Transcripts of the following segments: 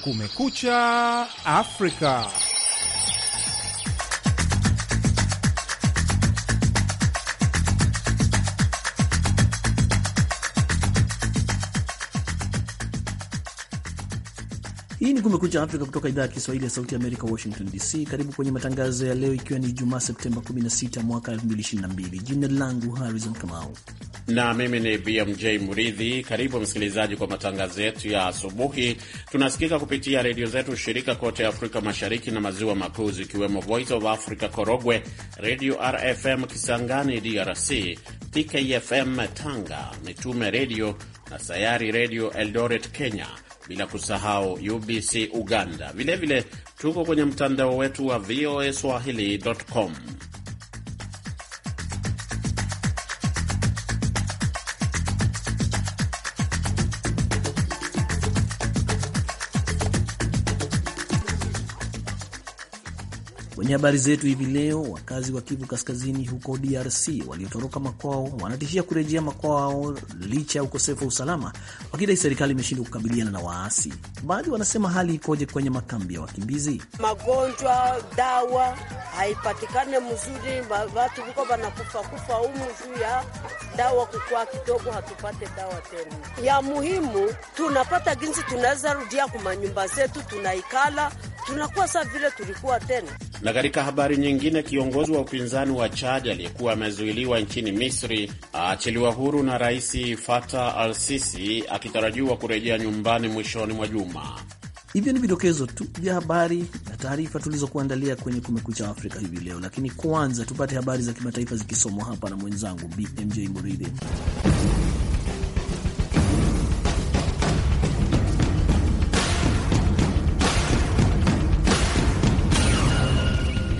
Kumekucha Afrika. Hii ni Kumekucha Afrika kutoka idhaa ya Kiswahili ya Sauti Amerika, Washington DC. Karibu kwenye matangazo ya leo, ikiwa ni jumaa Septemba 16 mwaka 2022. Jina langu Harrison Kamau na mimi ni BMJ Muridhi. Karibu msikilizaji kwa matangazo yetu ya asubuhi. Tunasikika kupitia redio zetu shirika kote Afrika Mashariki na Maziwa Makuu, zikiwemo Voice of Africa Korogwe, Redio RFM Kisangani DRC, TKFM Tanga, Mitume Redio na Sayari Redio Eldoret Kenya bila kusahau UBC Uganda. Vilevile vile, tuko kwenye mtandao wetu wa voa swahili.com. Kwenye habari zetu hivi leo, wakazi wa Kivu Kaskazini huko DRC waliotoroka makwao wanatishia kurejea makwao licha ya ukosefu wa usalama, wakidai serikali imeshindwa kukabiliana na waasi. Baadhi wanasema hali ikoje kwenye makambi ya wakimbizi? Magonjwa, dawa haipatikane mzuri, watu viko vanakufa kufa humu juu ya dawa kukwaa kidogo, hatupate dawa tena ya muhimu. Tunapata ginsi tunaweza rudia kumanyumba zetu tunaikala tunakuwa saa vile tulikuwa tena. Na katika habari nyingine, kiongozi wa upinzani wa Chad aliyekuwa amezuiliwa nchini Misri aachiliwa huru na Rais Fatah al-Sisi akitarajiwa kurejea nyumbani mwishoni mwa juma. Hivyo ni vidokezo tu vya habari na taarifa tulizokuandalia kwenye Kumekucha Afrika hivi leo, lakini kwanza tupate habari za kimataifa zikisomwa hapa na mwenzangu BMJ Muridhi.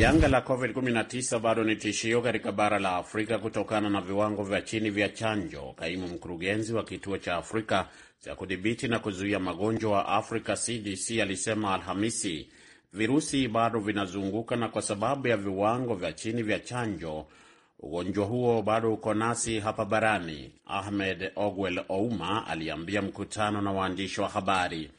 Janga la COVID-19 bado ni tishio katika bara la Afrika kutokana na viwango vya chini vya chanjo. Kaimu mkurugenzi wa kituo cha Afrika cha kudhibiti na kuzuia magonjwa wa Afrika CDC alisema Alhamisi virusi bado vinazunguka na kwa sababu ya viwango vya chini vya chanjo ugonjwa huo bado uko nasi hapa barani. Ahmed Ogwel Ouma aliambia mkutano na waandishi wa habari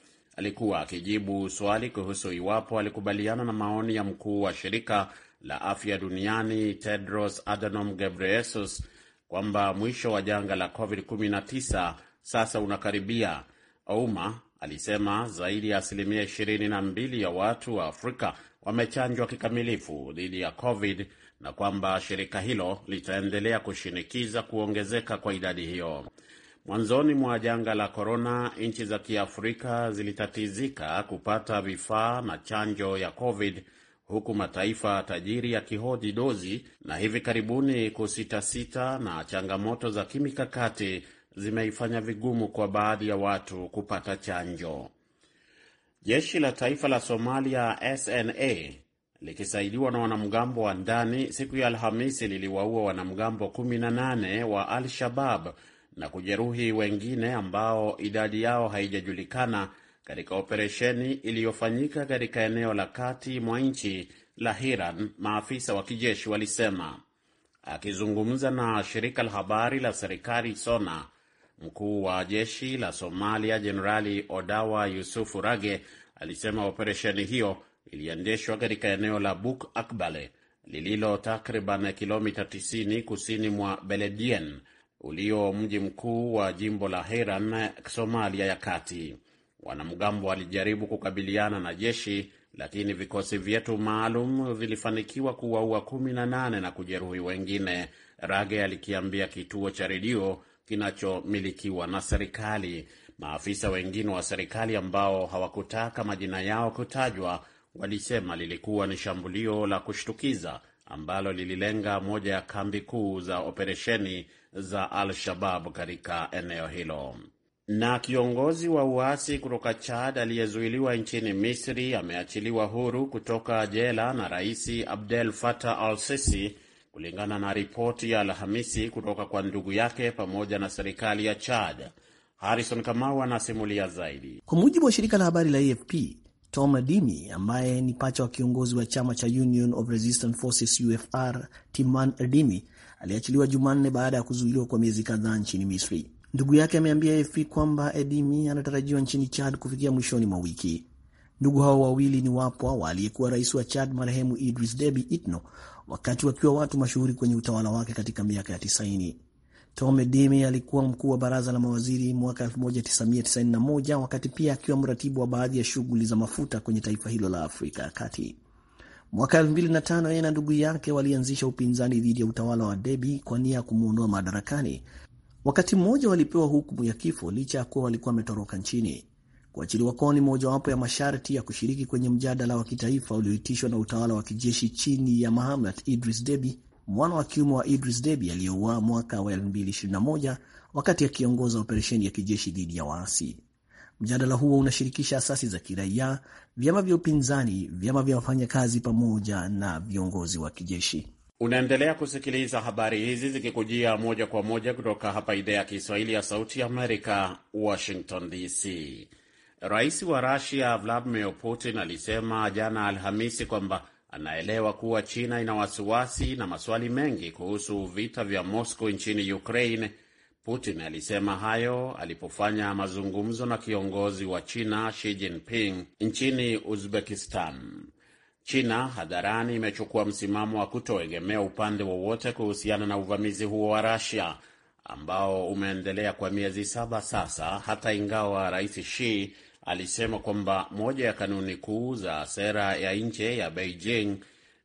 alikuwa akijibu swali kuhusu iwapo alikubaliana na maoni ya mkuu wa shirika la afya duniani Tedros Adhanom Ghebreyesus kwamba mwisho wa janga la COVID-19 sasa unakaribia. Ouma alisema zaidi ya asilimia 22 ya watu wa Afrika wamechanjwa kikamilifu dhidi ya COVID na kwamba shirika hilo litaendelea kushinikiza kuongezeka kwa idadi hiyo. Mwanzoni mwa janga la korona, nchi za Kiafrika zilitatizika kupata vifaa na chanjo ya COVID huku mataifa tajiri yakihoji dozi, na hivi karibuni kusitasita na changamoto za kimikakati zimeifanya vigumu kwa baadhi ya watu kupata chanjo. Jeshi la taifa la Somalia SNA likisaidiwa na wanamgambo wa ndani siku ya Alhamisi liliwaua wanamgambo 18 wa Al-Shabab na kujeruhi wengine ambao idadi yao haijajulikana katika operesheni iliyofanyika katika eneo la kati mwa nchi la Hiran, maafisa wa kijeshi walisema. Akizungumza na shirika la habari la serikali SONA, mkuu wa jeshi la Somalia Jenerali Odawa Yusufu Rage alisema operesheni hiyo iliendeshwa katika eneo la Buk Akbale lililo takriban kilomita 90 kusini mwa Beledien ulio mji mkuu wa jimbo la heran Somalia ya kati. Wanamgambo walijaribu kukabiliana na jeshi, lakini vikosi vyetu maalum vilifanikiwa kuwaua 18 na nane na kujeruhi wengine, Rage alikiambia kituo cha redio kinachomilikiwa na serikali. Maafisa wengine wa serikali ambao hawakutaka majina yao kutajwa walisema lilikuwa ni shambulio la kushtukiza ambalo lililenga moja ya kambi kuu za operesheni za Al-Shabab katika eneo hilo. Na kiongozi wa uasi kutoka Chad aliyezuiliwa nchini Misri ameachiliwa huru kutoka jela na Rais Abdel Fattah al-Sisi kulingana na ripoti ya Alhamisi kutoka kwa ndugu yake pamoja na serikali ya Chad. Harrison Kamau anasimulia zaidi. Kwa mujibu wa shirika la habari la AFP, Tom Dimi ambaye ni pacha wa kiongozi wa chama cha Union of Resistance Forces UFR, Timan Dimi aliachiliwa Jumanne baada ya kuzuiliwa kwa miezi kadhaa nchini Misri. Ndugu yake ameambia AFP kwamba Edimi anatarajiwa nchini Chad kufikia mwishoni mwa wiki. Ndugu hao wawili ni wapwa wa aliyekuwa rais wa Chad marehemu Idris Deby Itno, wakati wakiwa watu mashuhuri kwenye utawala wake katika miaka ya 90. Tom Edimi alikuwa mkuu wa baraza la mawaziri mwaka 1991 wakati pia akiwa mratibu wa baadhi ya shughuli za mafuta kwenye taifa hilo la Afrika ya Kati. Mwaka tano yeye na ndugu yake walianzisha upinzani dhidi ya utawala wa Debi kwa nia ya kumwondoa madarakani. Wakati mmoja walipewa hukumu ya kifo licha ya kuwa walikuwa wametoroka nchini. Kuachiliwa kwao ni mojawapo ya masharti ya kushiriki kwenye mjadala wa kitaifa ulioitishwa na utawala wa kijeshi chini ya Mahamat Idris Debi, mwana wa kiume wa Idris Debi aliyeuawa mwaka wa 2021 wakati akiongoza operesheni ya kijeshi dhidi ya waasi. Mjadala huo unashirikisha asasi za kiraia, vyama vya upinzani, vyama vya wafanyakazi pamoja na viongozi wa kijeshi. Unaendelea kusikiliza habari hizi zikikujia moja kwa moja kutoka hapa idhaa ya Kiswahili ya Sauti ya Amerika, Washington DC. Rais wa Rusia Vladimir Putin alisema jana Alhamisi kwamba anaelewa kuwa China ina wasiwasi na maswali mengi kuhusu vita vya Moscow nchini Ukraine Putin alisema hayo alipofanya mazungumzo na kiongozi wa China Xi Jinping nchini Uzbekistan. China hadharani imechukua msimamo wa kutoegemea upande wowote kuhusiana na uvamizi huo wa Russia ambao umeendelea kwa miezi saba sasa, hata ingawa Rais Xi alisema kwamba moja ya kanuni kuu za sera ya nje ya Beijing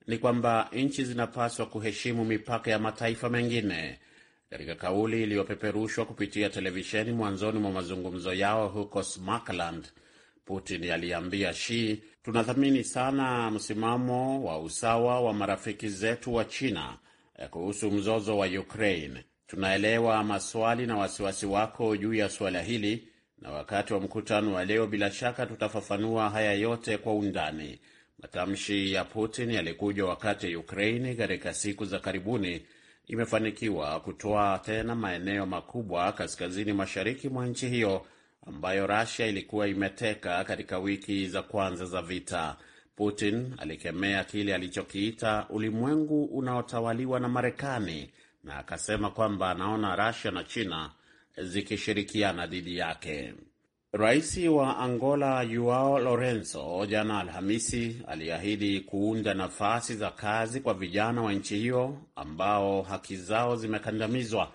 ni kwamba nchi zinapaswa kuheshimu mipaka ya mataifa mengine. Katika kauli iliyopeperushwa kupitia televisheni mwanzoni mwa mazungumzo yao huko Smakland, Putin aliambia shi tunathamini sana msimamo wa usawa wa marafiki zetu wa China eh, kuhusu mzozo wa Ukraine. Tunaelewa maswali na wasiwasi wako juu ya suala hili, na wakati wa mkutano wa leo bila shaka tutafafanua haya yote kwa undani. Matamshi ya Putin yalikuja wakati Ukraine katika siku za karibuni imefanikiwa kutoa tena maeneo makubwa kaskazini mashariki mwa nchi hiyo ambayo Russia ilikuwa imeteka katika wiki za kwanza za vita. Putin alikemea kile alichokiita ulimwengu unaotawaliwa na Marekani na akasema kwamba anaona Russia na China zikishirikiana dhidi yake. Rais wa Angola Joao Lorenzo jana Alhamisi aliahidi kuunda nafasi za kazi kwa vijana wa nchi hiyo ambao haki zao zimekandamizwa,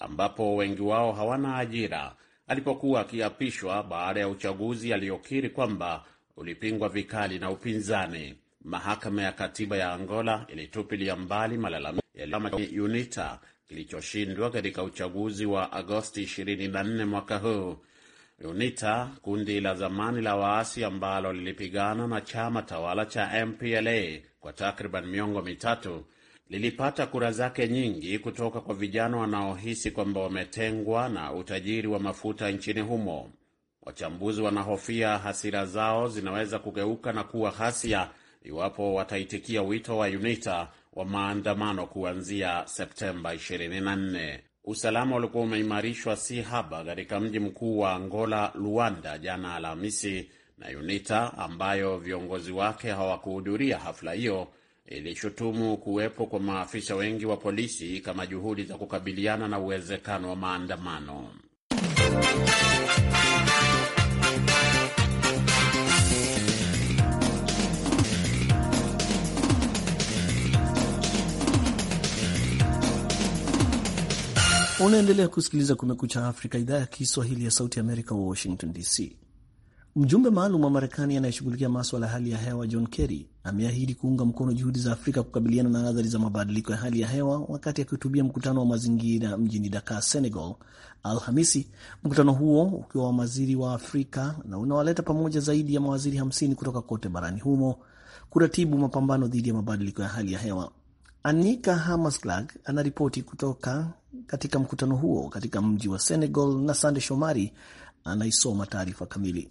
ambapo wengi wao hawana ajira, alipokuwa akiapishwa baada ya uchaguzi aliyokiri kwamba ulipingwa vikali na upinzani. Mahakama ya Katiba ya Angola ilitupilia mbali malalamiko ya UNITA kilichoshindwa katika uchaguzi wa Agosti 24 mwaka huu UNITA, kundi la zamani la waasi ambalo lilipigana na chama tawala cha MPLA kwa takriban miongo mitatu, lilipata kura zake nyingi kutoka kwa vijana wanaohisi kwamba wametengwa na utajiri wa mafuta nchini humo. Wachambuzi wanahofia hasira zao zinaweza kugeuka na kuwa ghasia iwapo wataitikia wito wa UNITA wa maandamano kuanzia Septemba 24. Usalama ulikuwa umeimarishwa si haba katika mji mkuu wa Angola, Luanda, jana Alhamisi, na UNITA ambayo viongozi wake hawakuhudhuria hafla hiyo ilishutumu kuwepo kwa maafisa wengi wa polisi kama juhudi za kukabiliana na uwezekano wa maandamano. Unaendelea kusikiliza Kumekucha Afrika, idhaa ya Kiswahili ya Sauti Amerika, Washington DC. Mjumbe maalum wa Marekani anayeshughulikia maswala ya hali ya hewa John Kerry ameahidi kuunga mkono juhudi za Afrika kukabiliana na athari za mabadiliko ya hali ya hewa wakati akihutubia mkutano wa mazingira mjini Dakar, Senegal, Alhamisi. Mkutano huo ukiwa wa mawaziri wa Afrika na unawaleta pamoja zaidi ya mawaziri 50 kutoka kote barani humo kuratibu mapambano dhidi ya mabadiliko ya hali ya hewa. Anika Hamaslag anaripoti kutoka katika mkutano huo katika mji wa Senegal, na Sande Shomari anaisoma taarifa kamili.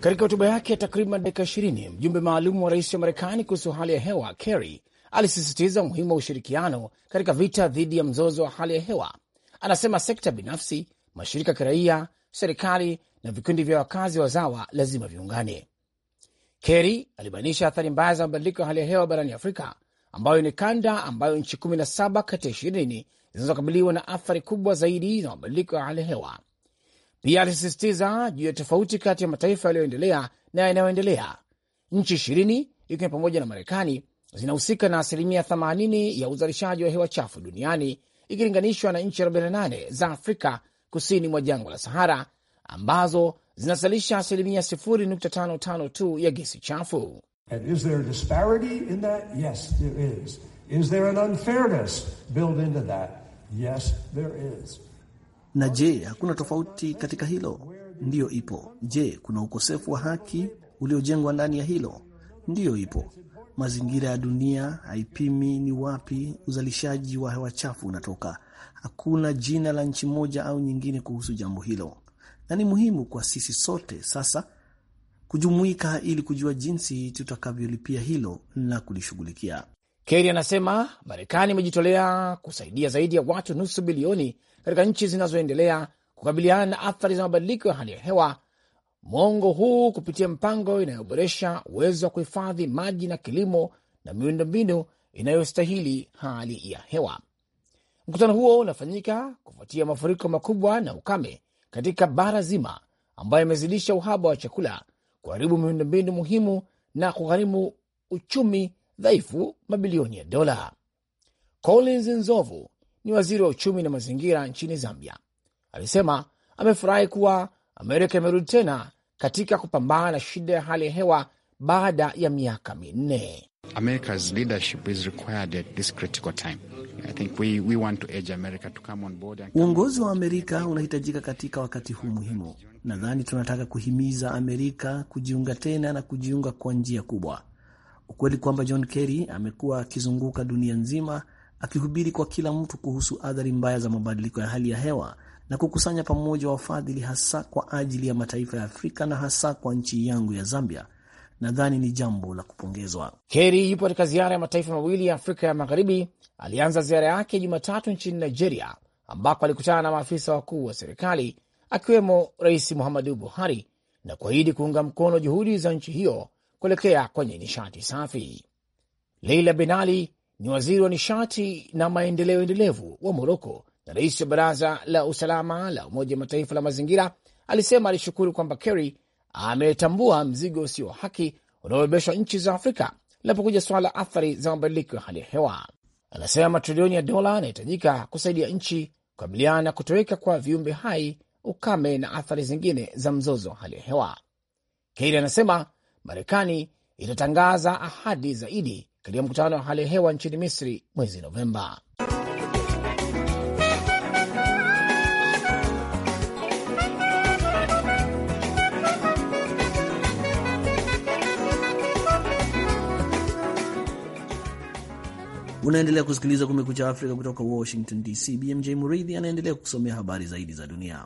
Katika hotuba yake ya takriban dakika 20, mjumbe maalum wa rais wa Marekani kuhusu hali ya hewa Kerry alisisitiza umuhimu wa ushirikiano katika vita dhidi ya mzozo wa hali ya hewa. Anasema sekta binafsi, mashirika ya kiraia, serikali na vikundi vya wakazi wazawa lazima viungane. Kerry alibainisha athari mbaya za mabadiliko ya hali ya hewa barani Afrika, ambayo ni kanda ambayo nchi 17 kati ya ishirini zinazokabiliwa na athari kubwa zaidi za mabadiliko ya hali ya hewa. Pia alisisitiza juu ya tofauti kati ya mataifa yaliyoendelea na yanayoendelea. Nchi ishirini ikiwa pamoja na Marekani zinahusika na asilimia 80 ya uzalishaji wa hewa chafu duniani ikilinganishwa na nchi 48 za Afrika kusini mwa jangwa la Sahara ambazo zinazalisha asilimia 0.55 tu ya gesi chafu. Na je, hakuna tofauti katika hilo? Ndiyo, ipo. Je, kuna ukosefu wa haki uliojengwa ndani ya hilo? Ndiyo, ipo. Mazingira ya dunia haipimi ni wapi uzalishaji wa hewa chafu unatoka. Hakuna jina la nchi moja au nyingine kuhusu jambo hilo na ni muhimu kwa sisi sote sasa kujumuika ili kujua jinsi tutakavyolipia hilo na kulishughulikia. Kerry anasema Marekani imejitolea kusaidia zaidi ya watu nusu bilioni katika nchi zinazoendelea kukabiliana na athari za mabadiliko ya hali ya hewa mwongo huu kupitia mpango inayoboresha uwezo wa kuhifadhi maji na kilimo na miundombinu inayostahili hali ya hewa. Mkutano huo unafanyika kufuatia mafuriko makubwa na ukame katika bara zima, ambayo imezidisha uhaba wa chakula, kuharibu miundombinu muhimu na kugharimu uchumi dhaifu mabilioni ya dola. Collins Nzovu ni waziri wa uchumi na mazingira nchini Zambia. Alisema amefurahi kuwa Amerika imerudi tena katika kupambana na shida ya hali ya hewa baada ya miaka minne. Uongozi wa Amerika unahitajika katika wakati huu muhimu. Nadhani tunataka kuhimiza Amerika kujiunga tena na kujiunga kwa njia kubwa. Ukweli kwamba John Kerry amekuwa akizunguka dunia nzima akihubiri kwa kila mtu kuhusu athari mbaya za mabadiliko ya hali ya hewa na kukusanya pamoja wafadhili hasa kwa ajili ya mataifa ya Afrika na hasa kwa nchi yangu ya Zambia nadhani ni jambo la kupongezwa. Heri yupo katika ziara ya mataifa mawili ya Afrika ya Magharibi. Alianza ziara yake Jumatatu nchini Nigeria, ambako alikutana na maafisa wakuu wa serikali akiwemo Rais Muhammadu Buhari na kuahidi kuunga mkono juhudi za nchi hiyo kuelekea kwenye nishati safi. Leila Benali ni waziri wa nishati na maendeleo endelevu wa Moroko na rais wa baraza la usalama la Umoja wa Mataifa la mazingira alisema alishukuru kwamba Kerry ametambua mzigo usio wa haki unaobebeshwa nchi za Afrika linapokuja suala la athari za mabadiliko ya hali ya hewa. Anasema matrilioni ya dola yanahitajika kusaidia nchi kukabiliana na kutoweka kwa viumbe hai, ukame na athari zingine za mzozo wa hali ya hewa. Keili anasema Marekani itatangaza ahadi zaidi katika mkutano wa hali ya hewa nchini Misri mwezi Novemba. Unaendelea kusikiliza Kumekucha Afrika kutoka Washington DC. BMJ Muridhi anaendelea kusomea habari zaidi za dunia.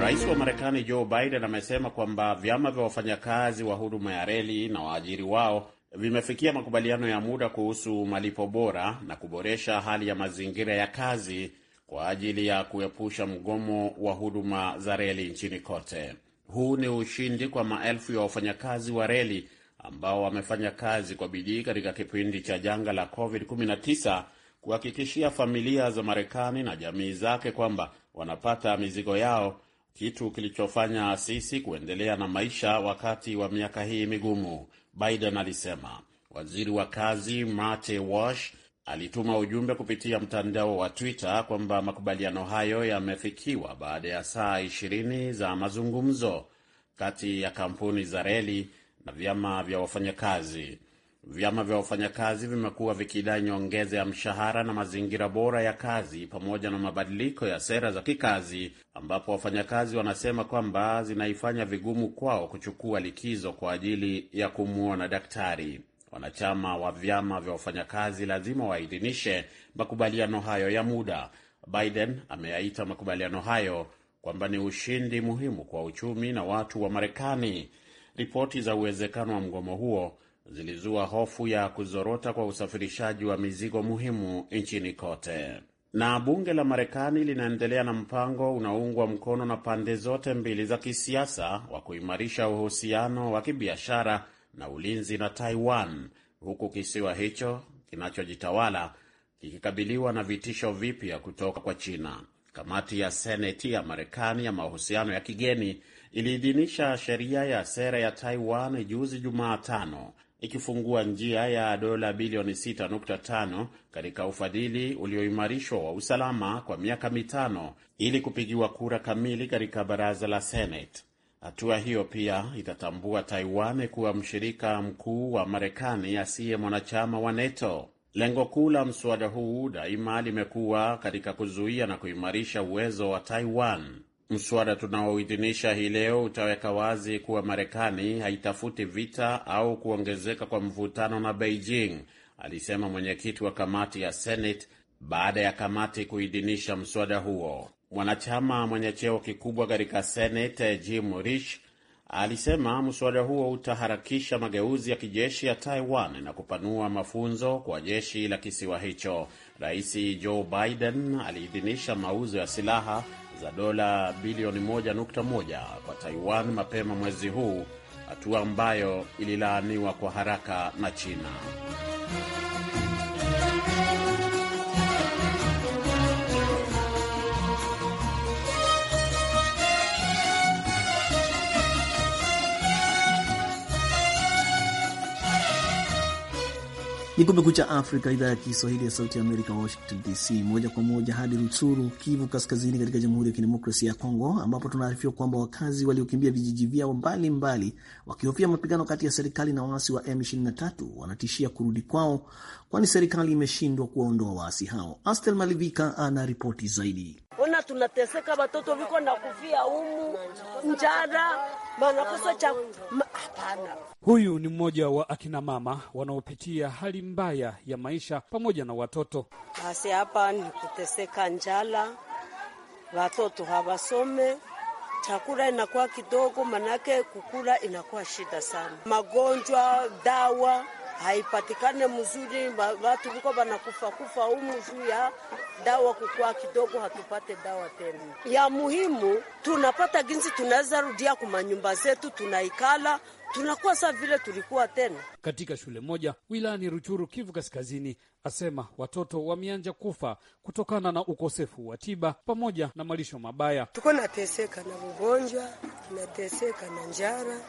Rais wa Marekani Joe Biden amesema kwamba vyama vya wafanyakazi wa huduma ya reli na waajiri wao vimefikia makubaliano ya muda kuhusu malipo bora na kuboresha hali ya mazingira ya kazi kwa ajili ya kuepusha mgomo wa huduma za reli nchini kote. Huu ni ushindi kwa maelfu ya wafanyakazi wa reli ambao wamefanya kazi kwa bidii katika kipindi cha janga la COVID-19 kuhakikishia familia za Marekani na jamii zake kwamba wanapata mizigo yao, kitu kilichofanya sisi kuendelea na maisha wakati wa miaka hii migumu, Biden alisema. Waziri wa kazi Marte Walsh alituma ujumbe kupitia mtandao wa Twitter kwamba makubaliano hayo yamefikiwa baada ya saa 20 za mazungumzo kati ya kampuni za reli na vyama vya wafanyakazi. Vyama vya wafanyakazi vimekuwa vikidai nyongeza ya mshahara na mazingira bora ya kazi pamoja na mabadiliko ya sera za kikazi, ambapo wafanyakazi wanasema kwamba zinaifanya vigumu kwao kuchukua likizo kwa ajili ya kumwona daktari wanachama wa vyama vya wafanyakazi lazima waidhinishe makubaliano hayo ya muda. Biden ameyaita makubaliano hayo kwamba ni ushindi muhimu kwa uchumi na watu wa Marekani. Ripoti za uwezekano wa mgomo huo zilizua hofu ya kuzorota kwa usafirishaji wa mizigo muhimu nchini kote. Na bunge la Marekani linaendelea na mpango unaoungwa mkono na pande zote mbili za kisiasa wa kuimarisha uhusiano wa kibiashara na ulinzi na Taiwan, huku kisiwa hicho kinachojitawala kikikabiliwa na vitisho vipya kutoka kwa China. Kamati ya Seneti ya Marekani ya mahusiano ya kigeni iliidhinisha sheria ya sera ya Taiwan juzi Jumatano, ikifungua njia ya dola bilioni 6.5 katika ufadhili ulioimarishwa wa usalama kwa miaka mitano ili kupigiwa kura kamili katika baraza la Seneti. Hatua hiyo pia itatambua Taiwan kuwa mshirika mkuu wa Marekani asiye mwanachama wa NATO. Lengo kuu la mswada huu daima limekuwa katika kuzuia na kuimarisha uwezo wa Taiwan. Mswada tunaoidhinisha hii leo utaweka wazi kuwa Marekani haitafuti vita au kuongezeka kwa mvutano na Beijing, alisema mwenyekiti wa kamati ya Senate baada ya kamati kuidhinisha mswada huo. Mwanachama mwenye cheo kikubwa katika Senate Jim Risch alisema mswada huo utaharakisha mageuzi ya kijeshi ya Taiwan na kupanua mafunzo kwa jeshi la kisiwa hicho. Rais Joe Biden aliidhinisha mauzo ya silaha za dola bilioni 1.1 kwa Taiwan mapema mwezi huu, hatua ambayo ililaaniwa kwa haraka na China. Ni Kumekucha Afrika, idhaa ya Kiswahili ya Sauti Amerika, Washington DC, moja kwa moja hadi Rutsuru, Kivu Kaskazini, katika Jamhuri ya Kidemokrasia ya Kongo, ambapo tunaarifiwa kwamba wakazi waliokimbia vijiji vyao mbalimbali wakihofia mapigano kati ya serikali na waasi wa M23 wanatishia kurudi kwao kwani serikali imeshindwa kuwaondoa waasi hao. Astel Malivika ana ripoti zaidi. Ona, tunateseka watoto viko na kufia umu njara manakosa cha hapana. Huyu ni mmoja wa akina mama wanaopitia hali mbaya ya maisha pamoja na watoto. Basi hapa ni kuteseka njala, watoto hawasome chakula inakuwa kidogo, manake kukula inakuwa shida sana, magonjwa, dawa haipatikane mzuri, watu viko wanakufa kufa humu juu ya dawa kukua kidogo, hatupate dawa tena. Ya muhimu tunapata ginzi, tunaweza rudia kumanyumba zetu, tunaikala tunakuwa saa vile tulikuwa tena. Katika shule moja wilayani Ruchuru, Kivu Kaskazini, asema watoto wameanja kufa kutokana na ukosefu wa tiba pamoja na malisho mabaya. Tuko nateseka na ugonjwa, tunateseka na njara,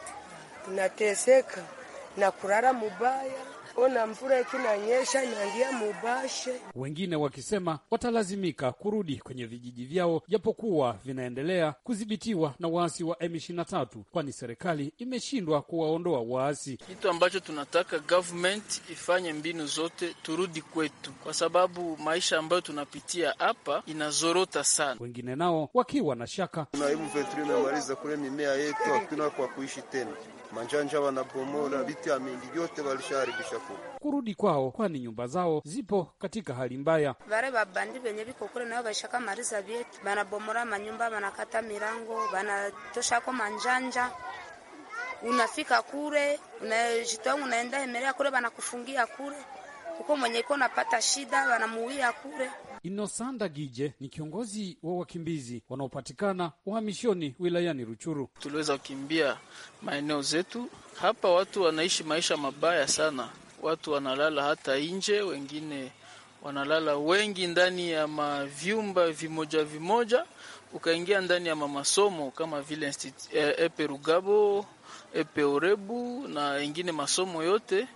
tunateseka na kurara mubaya, ona mvura ikinanyesha nangia mubashe. Wengine wakisema watalazimika kurudi kwenye vijiji vyao, japokuwa vinaendelea kudhibitiwa na waasi wa M23, kwani serikali imeshindwa kuwaondoa waasi. Kitu ambacho tunataka government ifanye mbinu zote turudi kwetu, kwa sababu maisha ambayo tunapitia hapa inazorota sana. Wengine nao wakiwa na shaka, na hivyo tunamaliza kule mimea yetu, hakuna kwa kuishi tena manjanja wanapomora mingi vyote walishaharibisha kuku kurudi kwao, kwani nyumba zao zipo katika hali mbaya. Vale vabandi venye viko kule nao vaishakamaliza vyetu, vanabomora manyumba, vanakata mirango, vanatoshako manjanja. Unafika kule unajitoa, unaenda emelea kule, vanakufungia kule, uko mwenye iko napata shida, wanamuwia kule Inosanda Gije ni kiongozi wa wakimbizi wanaopatikana uhamishoni wilayani Ruchuru. Tuliweza kukimbia maeneo zetu, hapa watu wanaishi maisha mabaya sana, watu wanalala hata nje, wengine wanalala wengi ndani ya mavyumba vimoja vimoja, ukaingia ndani ya mamasomo kama vile eh, epe Rugabo, epe Orebu na wengine masomo yote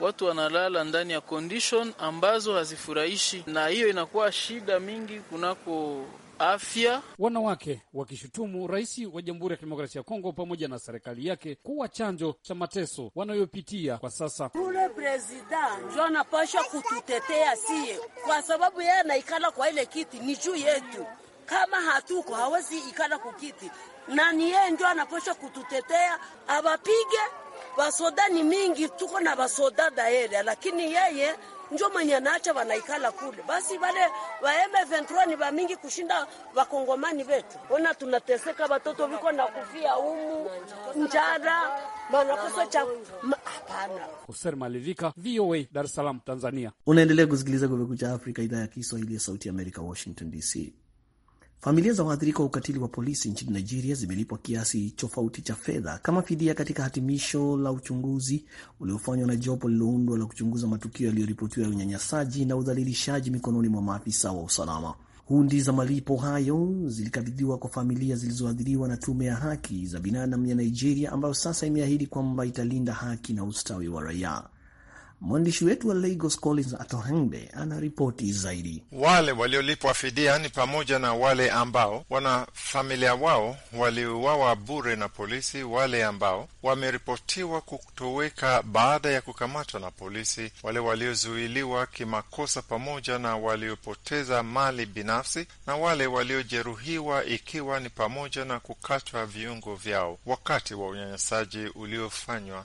watu wanalala ndani ya condition ambazo hazifurahishi, na hiyo inakuwa shida mingi kunako afya. Wanawake wakishutumu rais wa Jamhuri ya Kidemokrasia ya Kongo pamoja na serikali yake kuwa chanjo cha mateso wanayopitia kwa sasa. Ule presida njo anapasha kututetea sie, kwa sababu yeye anaikala kwa ile kiti ni juu yetu. Kama hatuko hawezi ikala kukiti, na ni yeye njo anapasha kututetea, awapige Basoda ni mingi, tuko na basoda daere, lakini yeye njo mwenye anaacha wanaikala kule. Basi wale wa M23 ni mingi kushinda wakongomani wetu. Ona tunateseka, watoto viko na kufia umu njara, manakosa cha hapana. Malivika, VOA, Dar es Salaam, Tanzania. Unaendelea kusikiliza Kumekucha Afrika, idhaa ya Kiswahili ya Sauti ya Amerika, Washington DC. Familia za waathirika wa ukatili wa polisi nchini Nigeria zimelipwa kiasi tofauti cha fedha kama fidia katika hatimisho la uchunguzi uliofanywa na jopo lililoundwa la kuchunguza matukio yaliyoripotiwa ya unyanyasaji na udhalilishaji mikononi mwa maafisa wa usalama. Hundi za malipo hayo zilikabidhiwa kwa familia zilizoathiriwa na Tume ya Haki za Binadamu ya Nigeria, ambayo sasa imeahidi kwamba italinda haki na ustawi wa raia. Mwandishi wetu wa Lagos Collins Atohengbe ana ripoti zaidi. Wale waliolipwa fidia ni pamoja na wale ambao wanafamilia wao waliuawa bure na polisi, wale ambao wameripotiwa kutoweka baada ya kukamatwa na polisi, wale waliozuiliwa kimakosa, pamoja na waliopoteza mali binafsi na wale waliojeruhiwa, ikiwa ni pamoja na kukatwa viungo vyao wakati wa unyanyasaji uliofanywa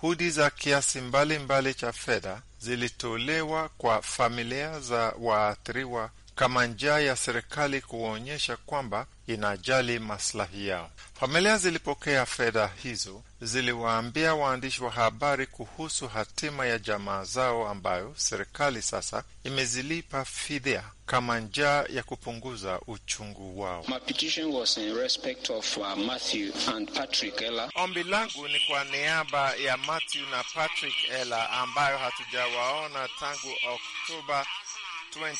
Hudi za kiasi mbalimbali mbali cha fedha zilitolewa kwa familia za waathiriwa kama njia ya serikali kuonyesha kwamba inajali maslahi yao. Familia zilipokea fedha hizo, ziliwaambia waandishi wa habari kuhusu hatima ya jamaa zao ambayo serikali sasa imezilipa fidia kama njia ya kupunguza uchungu wao. Uh, Ombi langu ni kwa niaba ya Matthew na Patrick Ella ambayo hatujawaona tangu Oktoba 2020.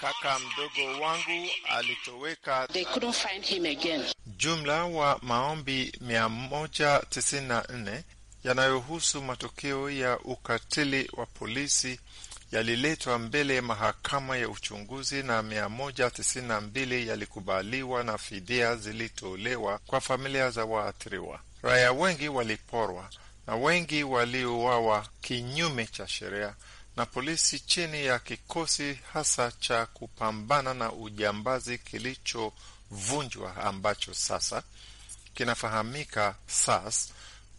Kaka mdogo wangu alitoweka. They couldn't find him again. Jumla wa maombi 194 yanayohusu matokeo ya ukatili wa polisi yaliletwa mbele ya mahakama ya uchunguzi na 192 yalikubaliwa na fidia zilitolewa kwa familia za waathiriwa. Raia wengi waliporwa na wengi waliuawa kinyume cha sheria na polisi chini ya kikosi hasa cha kupambana na ujambazi kilichovunjwa ambacho sasa kinafahamika SAS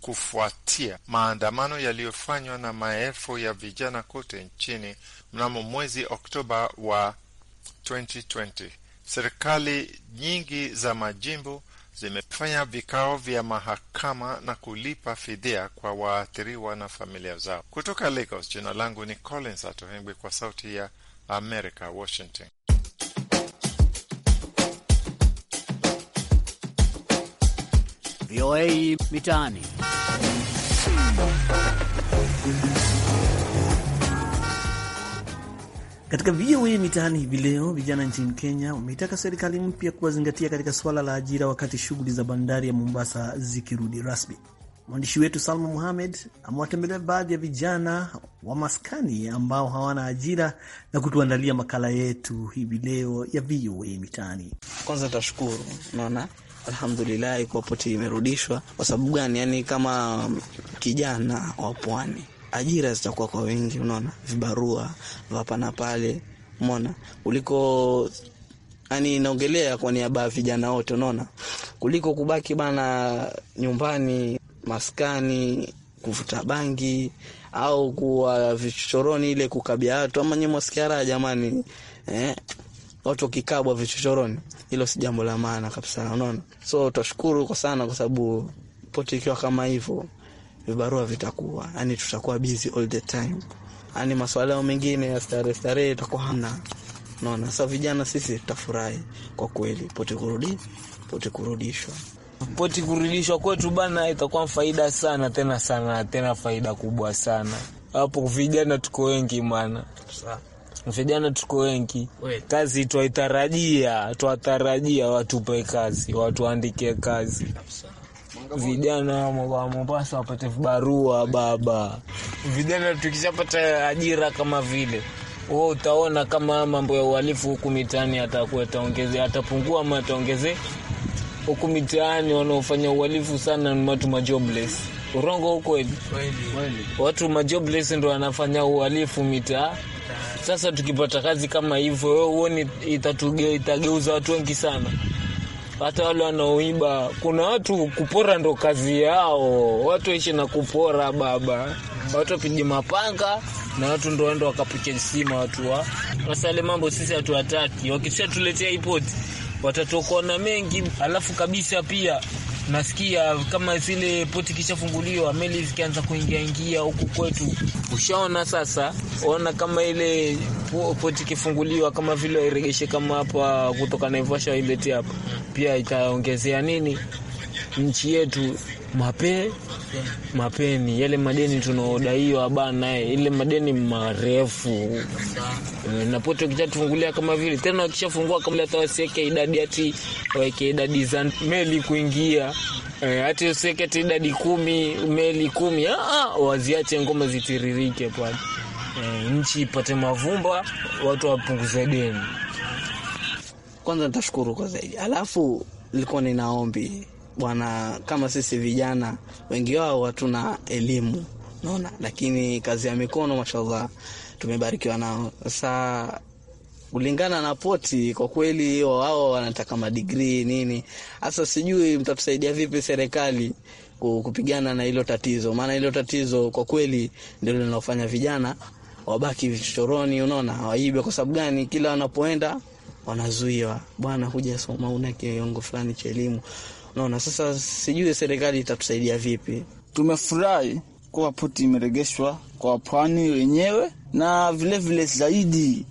kufuatia maandamano yaliyofanywa na maelfu ya vijana kote nchini mnamo mwezi Oktoba wa 2020. Serikali nyingi za majimbo zimefanya vikao vya mahakama na kulipa fidia kwa waathiriwa na familia zao. Kutoka Lagos, jina langu ni Collins Atohengwi kwa Sauti ya america Washington. VOA Mitaani. Katika VOA Mitaani hivi leo, vijana nchini Kenya wameitaka serikali mpya kuwazingatia katika suala la ajira wakati shughuli za bandari ya Mombasa zikirudi rasmi. Mwandishi wetu Salma Muhamed amewatembelea baadhi ya vijana wa maskani ambao hawana ajira na kutuandalia makala yetu hivi leo ya VOA Mitaani. Kwanza tashukuru, naona alhamdulilahi kuwa poti imerudishwa. Kwa sababu gani? Yani kama kijana wa pwani ajira zitakuwa kwa wingi, unaona, vibarua hapa na pale, umeona, kuliko yani, naongelea kwa niaba ya vijana wote, unaona, kuliko kubaki bana nyumbani maskani kuvuta bangi au kuwa vichochoroni ile kukabia watu ama nyema sikiara jamani, eh, watu wakikabwa vichochoroni, hilo si jambo la maana kabisa, unaona. So twashukuru kwa sana kwa sababu poti ikiwa kama hivyo vibarua vitakuwa, yani tutakuwa busy all the time, yani maswala yao mengine ya starehe starehe itakuwa hamna. Naona sa vijana sisi tutafurahi kwa kweli, pote kurudi pote kurudishwa poti kurudishwa kwetu bana, itakuwa faida sana tena sana tena faida kubwa sana hapo. Vijana tuko wengi mana, vijana tuko wengi, kazi twaitarajia, twatarajia watupe kazi, watuandikie kazi vijana wa Mombasa wapate barua baba, vijana tukishapata ajira kama vile wewe utaona kama mambo ya uhalifu huku mitaani atakuwa ataongezea atapungua ama ataongezea. Huku mitaani wanaofanya uhalifu sana ni watu jobless. Urongo huko hivi, watu jobless ndo wanafanya uhalifu mitaa. Sasa tukipata kazi kama hivyo, wewe huoni itageuza watu wengi sana hata wale wanaoiba, kuna watu kupora ndo kazi yao, watu waishi na kupora baba, watu wapige mapanga na watu ndo waenda wakapicha sima watu wa. wasale mambo sisi hatuwataki, wakisha tuletea ipoti watatokuwa na mengi, alafu kabisa pia nasikia kama zile poti kishafunguliwa meli zikianza kuingia ingia huku kwetu. Ushaona sasa, ona kama ile poti ikifunguliwa, kama vile wairegeshe kama hapa kutoka Naivasha wailete hapa, pia itaongezea nini nchi yetu mapee mapeni, yale madeni tunaodaiwa bana, eh, ile madeni marefu eh, napote, ukishafungulia kama vile tena, wakishafungua kama hata wasiweke idadi ati waweke idadi za meli kuingia hati eh, usiweke idadi kumi meli kumi, ah, ah, waziache ngoma zitiririke pale, nchi ipate mavumba, watu wapunguze deni. Kwanza nitashukuru kwa zaidi, alafu nilikuwa ninaombi wana kama sisi vijana wengi wao hatuna elimu, naona, lakini kazi ya mikono mashallah tumebarikiwa nao. Sasa kulingana na poti, kwa kweli wao wanataka madigrii nini. hasa, sijui mtatusaidia vipi serikali kupigana na hilo tatizo, maana hilo tatizo kwa kweli ndilo linalofanya vijana wabaki vichochoroni, unaona, waibe. Kwa sababu gani? Kila wanapoenda wanazuiwa, bwana, huja hujasoma, una kiwango fulani cha elimu. Naona sasa, sijui serikali itatusaidia vipi. Tumefurahi kuwa poti imeregeshwa kwa pwani wenyewe, na vilevile zaidi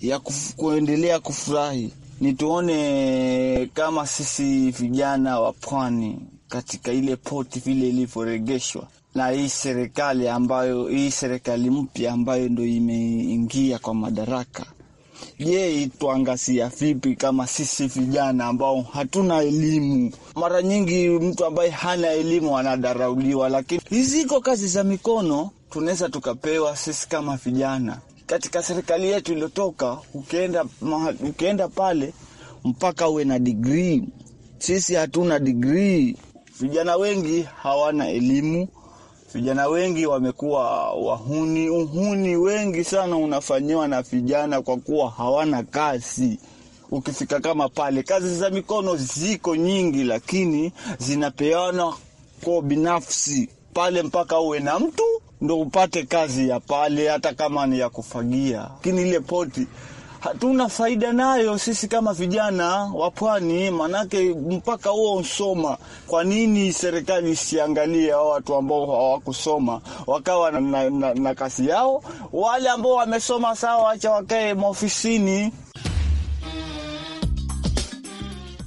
ya kuf, kuendelea kufurahi ni tuone kama sisi vijana wa pwani katika ile poti vile ilivyoregeshwa na hii serikali ambayo hii serikali mpya ambayo ndo imeingia kwa madaraka Je, tuangazia vipi kama sisi vijana ambao hatuna elimu? Mara nyingi mtu ambaye hana elimu anadarauliwa lakini hiziko kazi za mikono tunaweza tukapewa sisi kama vijana. Katika serikali yetu iliyotoka, ukienda, ukienda pale mpaka uwe na digrii. Sisi hatuna digrii, vijana wengi hawana elimu Vijana wengi wamekuwa wahuni. Uhuni wengi sana unafanyiwa na vijana kwa kuwa hawana kazi. Ukifika kama pale, kazi za mikono ziko nyingi, lakini zinapeana kwa binafsi pale, mpaka uwe na mtu ndo upate kazi ya pale, hata kama ni ya kufagia, lakini ile poti hatuna faida nayo sisi kama vijana wa pwani, manake mpaka huo usoma. Kwa nini serikali isiangalie hao watu ambao hawakusoma wakawa na, na, na, na kazi yao? Wale ambao wamesoma sawa, wacha wakae maofisini.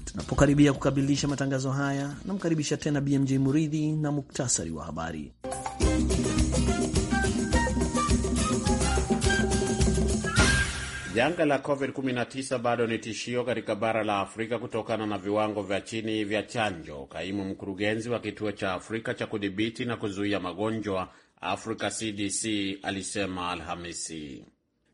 Tunapokaribia kukabilisha matangazo haya, namkaribisha tena BMJ Muridhi na muktasari wa habari. Janga la COVID-19 bado ni tishio katika bara la Afrika kutokana na viwango vya chini vya chanjo. Kaimu mkurugenzi wa kituo cha Afrika cha kudhibiti na kuzuia magonjwa Africa CDC alisema Alhamisi.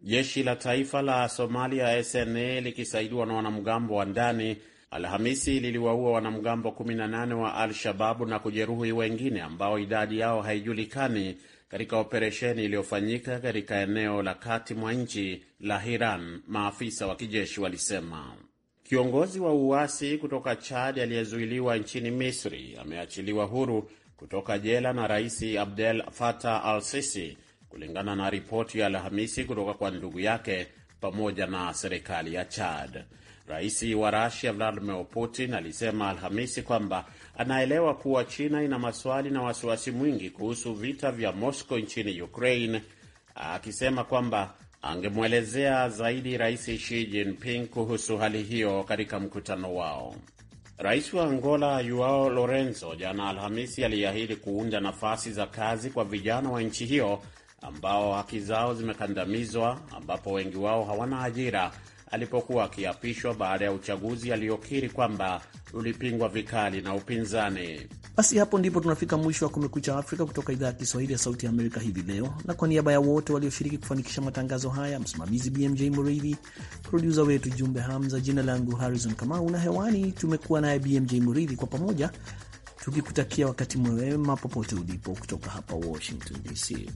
Jeshi la taifa la Somalia SNA likisaidiwa na wanamgambo wa ndani Alhamisi liliwaua wanamgambo 18 wa Al-Shababu na kujeruhi wengine ambao idadi yao haijulikani katika operesheni iliyofanyika katika eneo la kati mwa nchi la Hiran, maafisa wa kijeshi walisema. Kiongozi wa uasi kutoka Chad aliyezuiliwa nchini Misri ameachiliwa huru kutoka jela na Rais Abdel Fattah al-Sisi, kulingana na ripoti ya Alhamisi kutoka kwa ndugu yake pamoja na serikali ya Chad. Rais wa Rusia Vladimir Putin alisema Alhamisi kwamba anaelewa kuwa China ina maswali na wasiwasi mwingi kuhusu vita vya Moscow nchini Ukraine, akisema kwamba angemwelezea zaidi Rais Xi Jinping kuhusu hali hiyo katika mkutano wao. Rais wa Angola Joao Lorenzo jana Alhamisi aliahidi kuunda nafasi za kazi kwa vijana wa nchi hiyo ambao haki zao zimekandamizwa, ambapo wengi wao hawana ajira alipokuwa akiapishwa baada ya uchaguzi aliyokiri kwamba ulipingwa vikali na upinzani. Basi hapo ndipo tunafika mwisho wa Kumekucha Afrika kutoka idhaa ya Kiswahili ya Sauti ya Amerika hivi leo, na kwa niaba ya wote walioshiriki kufanikisha matangazo haya, msimamizi BMJ Muridhi, produsa wetu Jumbe Hamza, jina langu Harrison Kamau na hewani tumekuwa naye BMJ Muridhi, kwa pamoja tukikutakia wakati mwema popote ulipo kutoka hapa Washington DC.